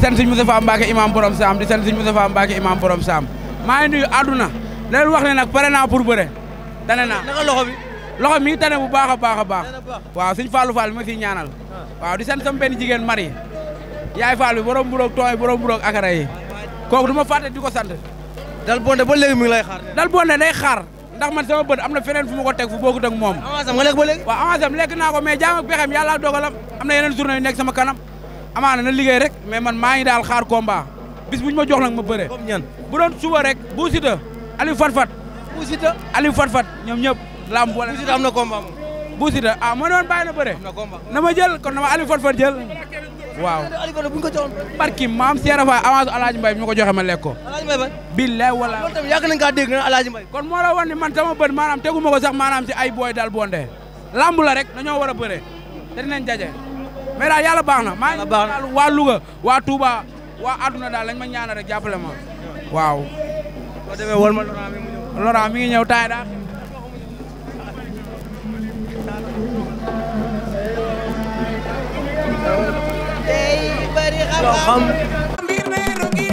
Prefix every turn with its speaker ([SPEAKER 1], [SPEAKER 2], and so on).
[SPEAKER 1] sant sëñ Moustapha Mbacke imam borom saam di sant sëñ Moustapha Mbacke imam borom saam maa ngi nuyu àdduna leen wax ne nag pare naa pour bëre tane naa naka loxo bi mi ngi tane bu baax a baax a baax waaw sëñ Fallou Fall ma siy ñaanal waaw di sant sama benn jigéen mari yaay Fall bi borom buroog tooy borom buroog akara yi kooku du ma di ko sant dal bonde ba léegi mi ngi lay xaar dal bonde day xaar ndax man sama bët am na feneen fu sama kanam amaana na liggéey rek mais man maa ngi daal xaar combat bis bu ñu ma jox nag ma bëre. comme ñan bu doon suba rek. Bou Siteu Aliou Fatfat. Bou Siteu Aliou Fatfat ñoom ñëpp. laam boole Bou Siteu am na combat moom. Bou Siteu ah ma doon na bëre. am na combat na ma jël kon na ma Aliou Fatfat jël. waaw barki maam Seera Faye avance Alaaji Mbaye bi ñu ko joxe ma lekk ko. Alaaji Mbaye ba. billaay wala. loolu tamit yàgg nañ kaa dégg na Alaaji Mbaye. kon moo la wan ni man sama bët maanaam teguma ko sax maanaam si ay booy dal bonde lamb la rek dañoo war a bëre te dinañ jaje mais daal yàlla baax na maa ngi daal waa Louga waa Touba waa àdduna daal lañ ma ñaanal rek jàppale ma waaw boo ma Laurent mi ngi ñëw
[SPEAKER 2] Laurent bari xam-xam